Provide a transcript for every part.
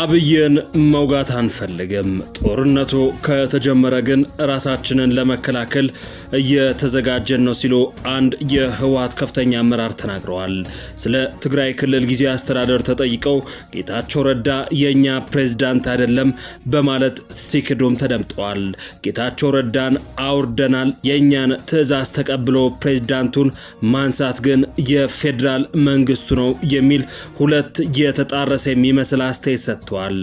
አብይን መውጋት አንፈልግም። ጦርነቱ ከተጀመረ ግን ራሳችንን ለመከላከል እየተዘጋጀን ነው ሲሉ አንድ የህወሓት ከፍተኛ አመራር ተናግረዋል። ስለ ትግራይ ክልል ጊዜ አስተዳደር ተጠይቀው ጌታቸው ረዳ የእኛ ፕሬዝዳንት አይደለም በማለት ሲክዱም ተደምጠዋል። ጌታቸው ረዳን አውርደናል፣ የእኛን ትዕዛዝ ተቀብሎ ፕሬዝዳንቱን ማንሳት ግን የፌዴራል መንግስቱ ነው የሚል ሁለት የተጣረሰ የሚመስል አስተያየት ሰጥቷል።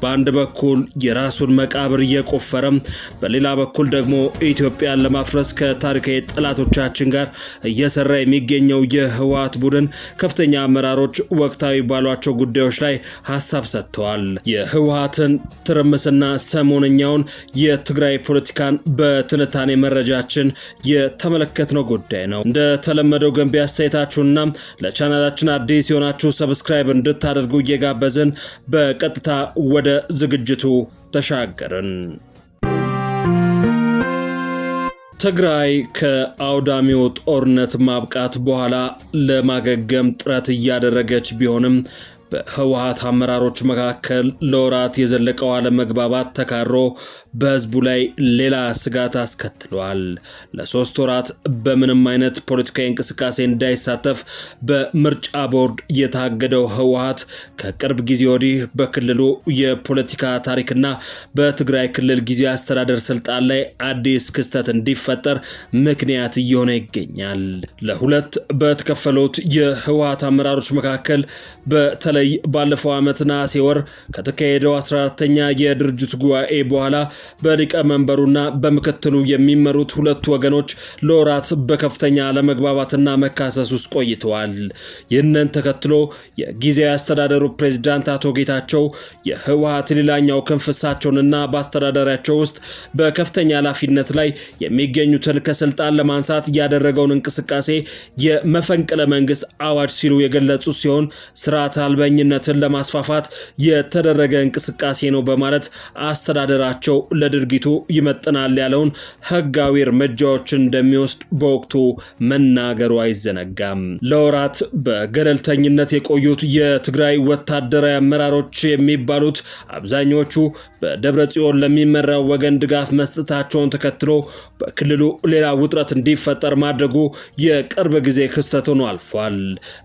በአንድ በኩል የራሱን መቃብር እየቆፈረም፣ በሌላ በኩል ደግሞ ኢትዮጵያን ለማፍረስ ከታሪካዊ ጠላቶቻችን ጋር እየሰራ የሚገኘው የህወሓት ቡድን ከፍተኛ አመራሮች ወቅታዊ ባሏቸው ጉዳዮች ላይ ሀሳብ ሰጥተዋል። የህወሓትን ትርምስና ሰሞነኛውን የትግራይ ፖለቲካን በትንታኔ መረጃችን የተመለከትነው ጉዳይ ነው። እንደተለመደው ገንቢ አስተያየታችሁና ለቻናላችን አዲስ የሆናችሁ ሰብስክራይብ እንድታደርጉ እየጋበዝን በ በቀጥታ ወደ ዝግጅቱ ተሻገርን። ትግራይ ከአውዳሚው ጦርነት ማብቃት በኋላ ለማገገም ጥረት እያደረገች ቢሆንም በህወሀት አመራሮች መካከል ለወራት የዘለቀው አለመግባባት ተካሮ በህዝቡ ላይ ሌላ ስጋት አስከትሏል። ለሶስት ወራት በምንም አይነት ፖለቲካዊ እንቅስቃሴ እንዳይሳተፍ በምርጫ ቦርድ የታገደው ህወሀት ከቅርብ ጊዜ ወዲህ በክልሉ የፖለቲካ ታሪክና በትግራይ ክልል ጊዜ አስተዳደር ስልጣን ላይ አዲስ ክስተት እንዲፈጠር ምክንያት እየሆነ ይገኛል። ለሁለት በተከፈሉት የህወሀት አመራሮች መካከል በተለ በተለይ ባለፈው ዓመት ነሐሴ ወር ከተካሄደው 14ተኛ የድርጅት ጉባኤ በኋላ በሊቀመንበሩና በምክትሉ የሚመሩት ሁለቱ ወገኖች ለወራት በከፍተኛ አለመግባባትና መካሰስ ውስጥ ቆይተዋል። ይህንን ተከትሎ የጊዜያዊ አስተዳደሩ ፕሬዚዳንት አቶ ጌታቸው የህወሀት ሌላኛው ክንፍ እሳቸውንና በአስተዳደሪያቸው ውስጥ በከፍተኛ ኃላፊነት ላይ የሚገኙትን ከስልጣን ለማንሳት ያደረገውን እንቅስቃሴ የመፈንቅለ መንግስት አዋጅ ሲሉ የገለጹት ሲሆን ስርዓት አልበ ዘረኝነትን ለማስፋፋት የተደረገ እንቅስቃሴ ነው በማለት አስተዳደራቸው ለድርጊቱ ይመጥናል ያለውን ህጋዊ እርምጃዎችን እንደሚወስድ በወቅቱ መናገሩ አይዘነጋም። ለወራት በገለልተኝነት የቆዩት የትግራይ ወታደራዊ አመራሮች የሚባሉት አብዛኞቹ በደብረ ጽዮን ለሚመራው ወገን ድጋፍ መስጠታቸውን ተከትሎ በክልሉ ሌላ ውጥረት እንዲፈጠር ማድረጉ የቅርብ ጊዜ ክስተት ሆኖ አልፏል።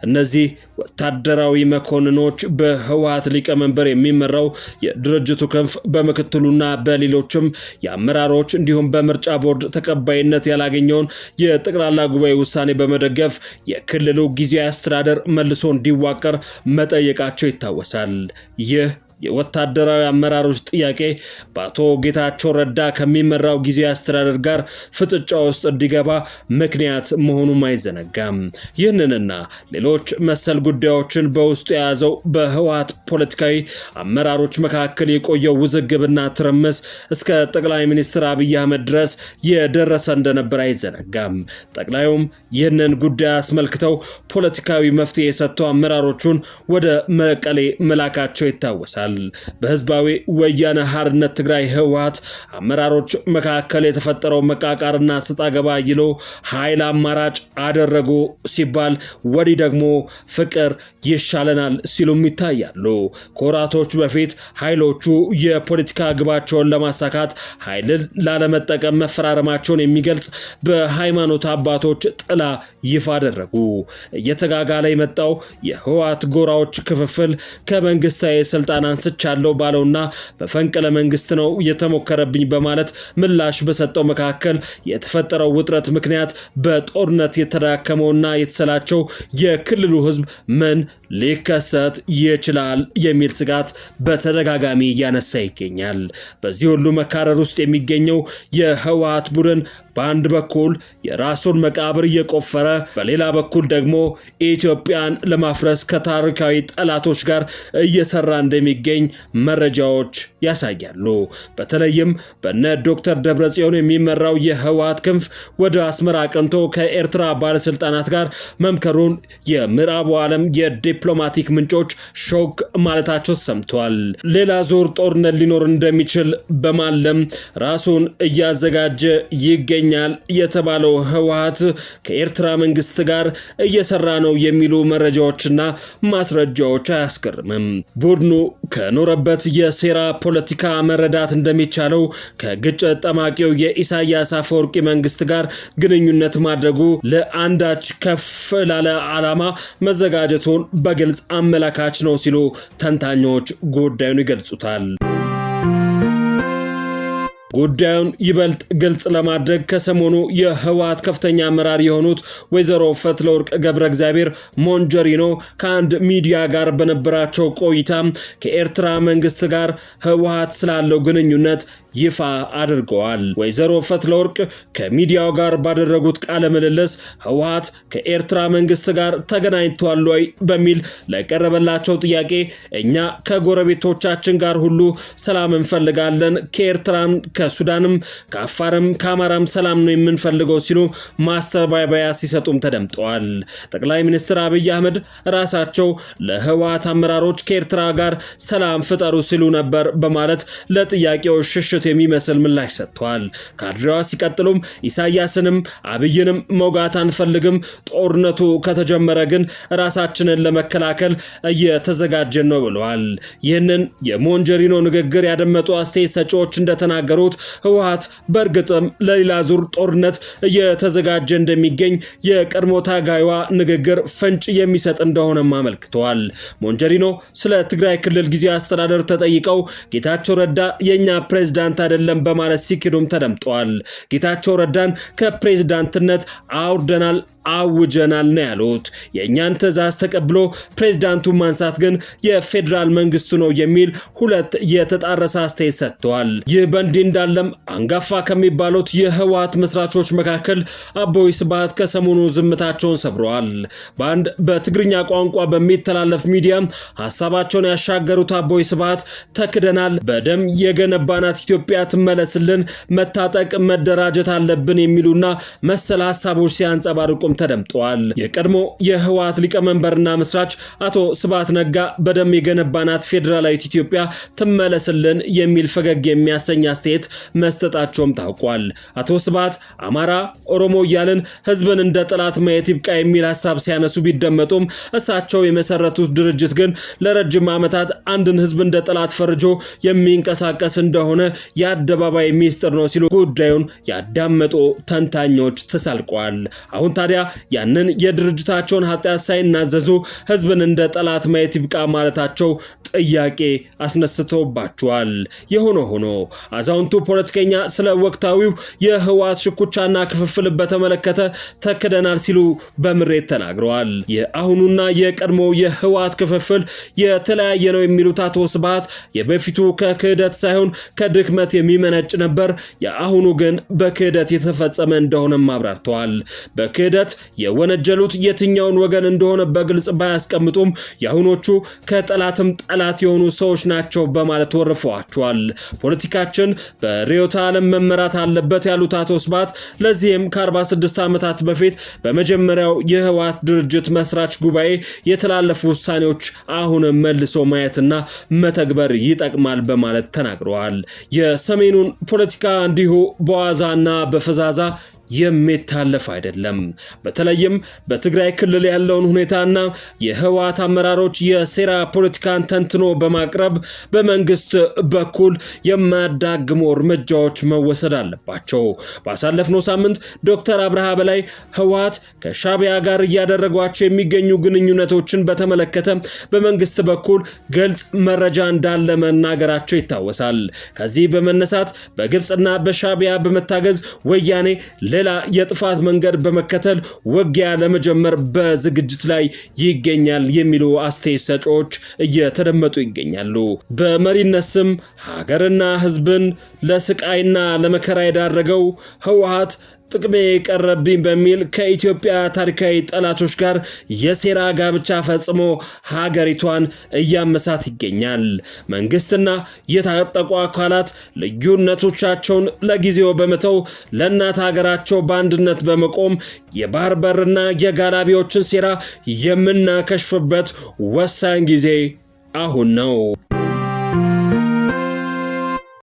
እነዚህ ወታደራዊ መኮንን መኮንኖች በህወሀት ሊቀመንበር የሚመራው የድርጅቱ ክንፍ በምክትሉና በሌሎችም የአመራሮች እንዲሁም በምርጫ ቦርድ ተቀባይነት ያላገኘውን የጠቅላላ ጉባኤ ውሳኔ በመደገፍ የክልሉ ጊዜያዊ አስተዳደር መልሶ እንዲዋቀር መጠየቃቸው ይታወሳል። ይህ የወታደራዊ አመራሮች ጥያቄ በአቶ ጌታቸው ረዳ ከሚመራው ጊዜያዊ አስተዳደር ጋር ፍጥጫ ውስጥ እንዲገባ ምክንያት መሆኑም አይዘነጋም። ይህንንና ሌሎች መሰል ጉዳዮችን በውስጡ የያዘው በህወሀት ፖለቲካዊ አመራሮች መካከል የቆየው ውዝግብና ትርምስ እስከ ጠቅላይ ሚኒስትር አብይ አህመድ ድረስ የደረሰ እንደነበር አይዘነጋም። ጠቅላዩም ይህንን ጉዳይ አስመልክተው ፖለቲካዊ መፍትሄ የሰጥተው አመራሮቹን ወደ መቀሌ መላካቸው ይታወሳል። ይገኛል። በህዝባዊ ወያነ ሓርነት ትግራይ ህወሓት አመራሮች መካከል የተፈጠረው መቃቃርና ገባ ይሎ ኃይል አማራጭ አደረጉ ሲባል ወዲህ ደግሞ ፍቅር ይሻለናል ሲሉም ይታያሉ። ከወራቶች በፊት ኃይሎቹ የፖለቲካ ግባቸውን ለማሳካት ኃይልን ላለመጠቀም መፈራረማቸውን የሚገልጽ በሃይማኖት አባቶች ጥላ ይፋ አደረጉ። እየተጋጋለ የመጣው የህወሓት ጎራዎች ክፍፍል ከመንግስታዊ ስልጣና አንስቻለሁ ባለውና በፈንቅለ መንግስት ነው የተሞከረብኝ በማለት ምላሽ በሰጠው መካከል የተፈጠረው ውጥረት ምክንያት በጦርነት የተዳከመውና የተሰላቸው የክልሉ ህዝብ ምን ሊከሰት ይችላል የሚል ስጋት በተደጋጋሚ እያነሳ ይገኛል። በዚህ ሁሉ መካረር ውስጥ የሚገኘው የህወሀት ቡድን በአንድ በኩል የራሱን መቃብር እየቆፈረ በሌላ በኩል ደግሞ ኢትዮጵያን ለማፍረስ ከታሪካዊ ጠላቶች ጋር እየሰራ እንደሚገኝ መረጃዎች ያሳያሉ። በተለይም በነ ዶክተር ደብረጽዮን የሚመራው የህወሀት ክንፍ ወደ አስመራ አቅንቶ ከኤርትራ ባለስልጣናት ጋር መምከሩን የምዕራቡ ዓለም የዲፕሎማቲክ ምንጮች ሾክ ማለታቸው ሰምቷል። ሌላ ዙር ጦርነት ሊኖር እንደሚችል በማለም ራሱን እያዘጋጀ ይገኛል ይገኛል የተባለው ህወሀት ከኤርትራ መንግስት ጋር እየሰራ ነው የሚሉ መረጃዎችና ማስረጃዎች አያስገርምም። ቡድኑ ከኖረበት የሴራ ፖለቲካ መረዳት እንደሚቻለው ከግጭት ጠማቂው የኢሳያስ አፈወርቂ መንግስት ጋር ግንኙነት ማድረጉ ለአንዳች ከፍ ላለ ዓላማ መዘጋጀቱን በግልጽ አመላካች ነው ሲሉ ተንታኞች ጉዳዩን ይገልጹታል። ጉዳዩን ይበልጥ ግልጽ ለማድረግ ከሰሞኑ የህወሀት ከፍተኛ አመራር የሆኑት ወይዘሮ ፈትለወርቅ ገብረ እግዚአብሔር ሞንጀሪኖ ከአንድ ሚዲያ ጋር በነበራቸው ቆይታ ከኤርትራ መንግስት ጋር ህወሀት ስላለው ግንኙነት ይፋ አድርገዋል። ወይዘሮ ፈትለወርቅ ከሚዲያው ጋር ባደረጉት ቃለ ምልልስ ህወሀት ከኤርትራ መንግስት ጋር ተገናኝቷል ወይ በሚል ለቀረበላቸው ጥያቄ እኛ ከጎረቤቶቻችን ጋር ሁሉ ሰላም እንፈልጋለን ከኤርትራም ከ ከሱዳንም ከአፋርም ከአማራም ሰላም ነው የምንፈልገው ሲሉ ማስተባበያ ሲሰጡም ተደምጠዋል። ጠቅላይ ሚኒስትር አብይ አህመድ ራሳቸው ለህወሓት አመራሮች ከኤርትራ ጋር ሰላም ፍጠሩ ሲሉ ነበር በማለት ለጥያቄዎች ሽሽት የሚመስል ምላሽ ሰጥቷል። ካድሬዋ ሲቀጥሉም ኢሳያስንም አብይንም መውጋት አንፈልግም፣ ጦርነቱ ከተጀመረ ግን ራሳችንን ለመከላከል እየተዘጋጀን ነው ብለዋል። ይህንን የሞንጀሪኖ ንግግር ያደመጡ አስተያየት ሰጪዎች እንደተናገሩት ያሉት ህወሀት በእርግጥም ለሌላ ዙር ጦርነት እየተዘጋጀ እንደሚገኝ የቀድሞ ታጋይዋ ንግግር ፍንጭ የሚሰጥ እንደሆነም አመልክተዋል። ሞንጀሪኖ ስለ ትግራይ ክልል ጊዜ አስተዳደር ተጠይቀው ጌታቸው ረዳ የእኛ ፕሬዝዳንት አይደለም በማለት ሲክዱም ተደምጠዋል። ጌታቸው ረዳን ከፕሬዝዳንትነት አውርደናል አውጀናል ነው ያሉት። የእኛን ትዕዛዝ ተቀብሎ ፕሬዝዳንቱ ማንሳት ግን የፌዴራል መንግስቱ ነው የሚል ሁለት የተጣረሰ አስተያየት ሰጥተዋል። ይህ በእንዲህ እንዳለም አንጋፋ ከሚባሉት የህወሀት መስራቾች መካከል አቦይ ስብሃት ከሰሞኑ ዝምታቸውን ሰብረዋል። በአንድ በትግርኛ ቋንቋ በሚተላለፍ ሚዲያ ሀሳባቸውን ያሻገሩት አቦይ ስብሃት ተክደናል፣ በደም የገነባናት ኢትዮጵያ ትመለስልን፣ መታጠቅ መደራጀት አለብን የሚሉና መሰል ሀሳቦች ሲያንጸባርቁም ተደምጠዋል። የቀድሞ የህወሀት ሊቀመንበርና መስራች አቶ ስብሃት ነጋ በደም የገነባናት ፌዴራላዊት ኢትዮጵያ ትመለስልን የሚል ፈገግ የሚያሰኝ አስተያየት አስተያየት መስጠታቸውም ታውቋል። አቶ ስብሃት አማራ ኦሮሞ እያልን ህዝብን እንደ ጠላት ማየት ይብቃ የሚል ሀሳብ ሲያነሱ ቢደመጡም እሳቸው የመሰረቱት ድርጅት ግን ለረጅም ዓመታት አንድን ህዝብ እንደ ጠላት ፈርጆ የሚንቀሳቀስ እንደሆነ የአደባባይ ሚስጥር ነው ሲሉ ጉዳዩን ያዳመጡ ተንታኞች ተሳልቀዋል። አሁን ታዲያ ያንን የድርጅታቸውን ኃጢአት ሳይናዘዙ ህዝብን እንደ ጠላት ማየት ይብቃ ማለታቸው ጥያቄ አስነስቶባቸዋል። የሆነ ሆኖ አዛውንቱ የድርጅቱ ፖለቲከኛ ስለ ወቅታዊው የህወሓት ሽኩቻና ክፍፍል በተመለከተ ተክደናል ሲሉ በምሬት ተናግረዋል። የአሁኑና የቀድሞ የህወሓት ክፍፍል የተለያየ ነው የሚሉት አቶ ስብሃት የበፊቱ ከክህደት ሳይሆን ከድክመት የሚመነጭ ነበር፣ የአሁኑ ግን በክህደት የተፈጸመ እንደሆነም አብራርተዋል። በክህደት የወነጀሉት የትኛውን ወገን እንደሆነ በግልጽ ባያስቀምጡም የአሁኖቹ ከጠላትም ጠላት የሆኑ ሰዎች ናቸው በማለት ወርፈዋቸዋል። ፖለቲካችን በርዕዮተ ዓለም መመራት አለበት ያሉት አቶ ስብሐት ለዚህም ከ46 ዓመታት በፊት በመጀመሪያው የህወሓት ድርጅት መስራች ጉባኤ የተላለፉ ውሳኔዎች አሁንም መልሶ ማየትና መተግበር ይጠቅማል በማለት ተናግረዋል። የሰሜኑን ፖለቲካ እንዲሁ በዋዛና በፈዛዛ የሚታለፍ አይደለም። በተለይም በትግራይ ክልል ያለውን ሁኔታና የህወሓት አመራሮች የሴራ ፖለቲካን ተንትኖ በማቅረብ በመንግስት በኩል የማያዳግሙ እርምጃዎች መወሰድ አለባቸው። ባሳለፍነው ሳምንት ዶክተር አብርሃ በላይ ህወሓት ከሻቢያ ጋር እያደረጓቸው የሚገኙ ግንኙነቶችን በተመለከተ በመንግስት በኩል ግልጽ መረጃ እንዳለ መናገራቸው ይታወሳል። ከዚህ በመነሳት በግብፅና በሻቢያ በመታገዝ ወያኔ ሌላ የጥፋት መንገድ በመከተል ውጊያ ለመጀመር በዝግጅት ላይ ይገኛል የሚሉ አስተያየት ሰጪዎች እየተደመጡ ይገኛሉ። በመሪነት ስም ሀገርና ሕዝብን ለስቃይና ለመከራ የዳረገው ህወሓት ጥቅሜ ቀረብኝ በሚል ከኢትዮጵያ ታሪካዊ ጠላቶች ጋር የሴራ ጋብቻ ፈጽሞ ሀገሪቷን እያመሳት ይገኛል። መንግስትና የታጠቁ አካላት ልዩነቶቻቸውን ለጊዜው በመተው ለእናት ሀገራቸው በአንድነት በመቆም የባህር በርና የጋላቢዎችን ሴራ የምናከሽፍበት ወሳኝ ጊዜ አሁን ነው።